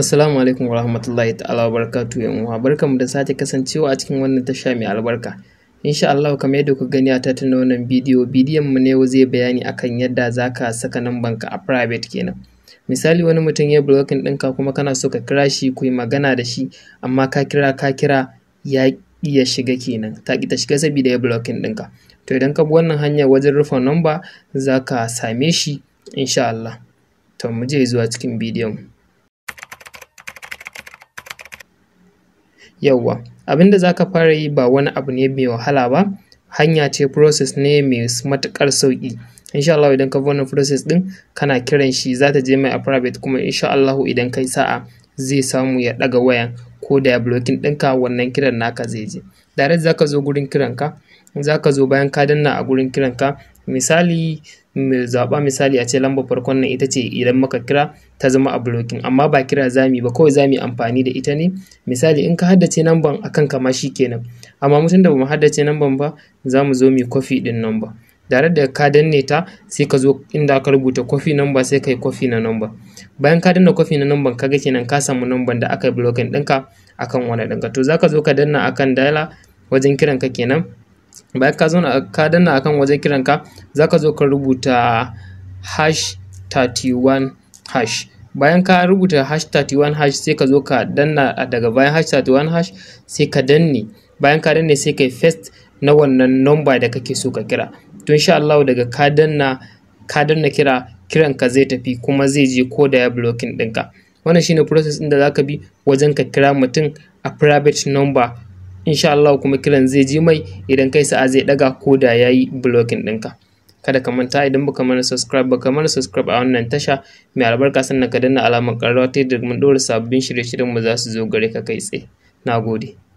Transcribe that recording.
Assalamu alaikum wa rahmatullahi ta'ala wa barakatu ya uwa barkamu da sake kasancewa a cikin wannan tasha mai albarka insha Allah kamar yadda ku gani a tattun wannan bidiyo bidiyon mu ne zai bayani akan yadda zaka saka namban ka a private kenan misali wani mutum ya blocking ɗinka kuma kana so ka kira shi ku yi magana da shi amma ka kira ka kira ya iya shiga kenan ta ki ta shiga saboda ya blocking ɗinka to idan ka bi wannan hanya wajen rufe number zaka same shi insha Allah to mu je zuwa cikin bidiyon mu yauwa abinda za ka fara yi ba wani abu ne mai wahala ba hanya ce process ne mai matuƙar sauƙi insha Allah idan ka bi wannan process din kana kiran shi za ta je mai a private kuma insha Allah idan kai sa'a zai samu ya ɗaga wayan ko da ya blocking ɗinka wannan kiran naka zai je direct za ka zo gurin kiranka za ka zo bayan ka danna a gurin kiranka misali zaba zaba, misali a ce lambar farkon nan ita ce idan muka kira ta zama a blocking amma ba kira zami ba kawai zami amfani da ita ne misali in ka haddace namban akan kama shi kenan amma mutum da bamu haddace namban ba za mu zo mu kwafi din namba tare da ka danne ta sai ka zo inda ka rubuta kwafi namba sai kai kwafi na namba bayan ka danna kwafi na namban kaga kenan ka samu namban da aka yi blocking ɗinka akan wani ɗinka to za ka zo ka danna akan dala wajen kiran ka kenan bayan ka zauna ka danna akan wajen kiran ka ka zo ka rubuta hash 31 hash bayan ka rubuta hash 31 hash sai ka zo ka danna daga bayan hash 31 hash sai ka danne bayan ka danne sai yi first na wannan number da kake so ka kira to insha Allah daga ka danna ka danna kira kiran ka zai tafi kuma zai je ko da ya blocking ɗinka wannan shine process ɗin da zaka bi wajen ka kira mutum a private number insha Allah kuma kiran zai ji mai idan kai sa'a zai daga ko da yayi blocking ɗinka kada ka manta idan baka mana subscribe baka mana subscribe a wannan tasha mai albarka sannan ka danna alamar ƙararrawa ta yadda mun ɗora sabbin shirye-shiryen mu za su zo gare ka kai tsaye gode.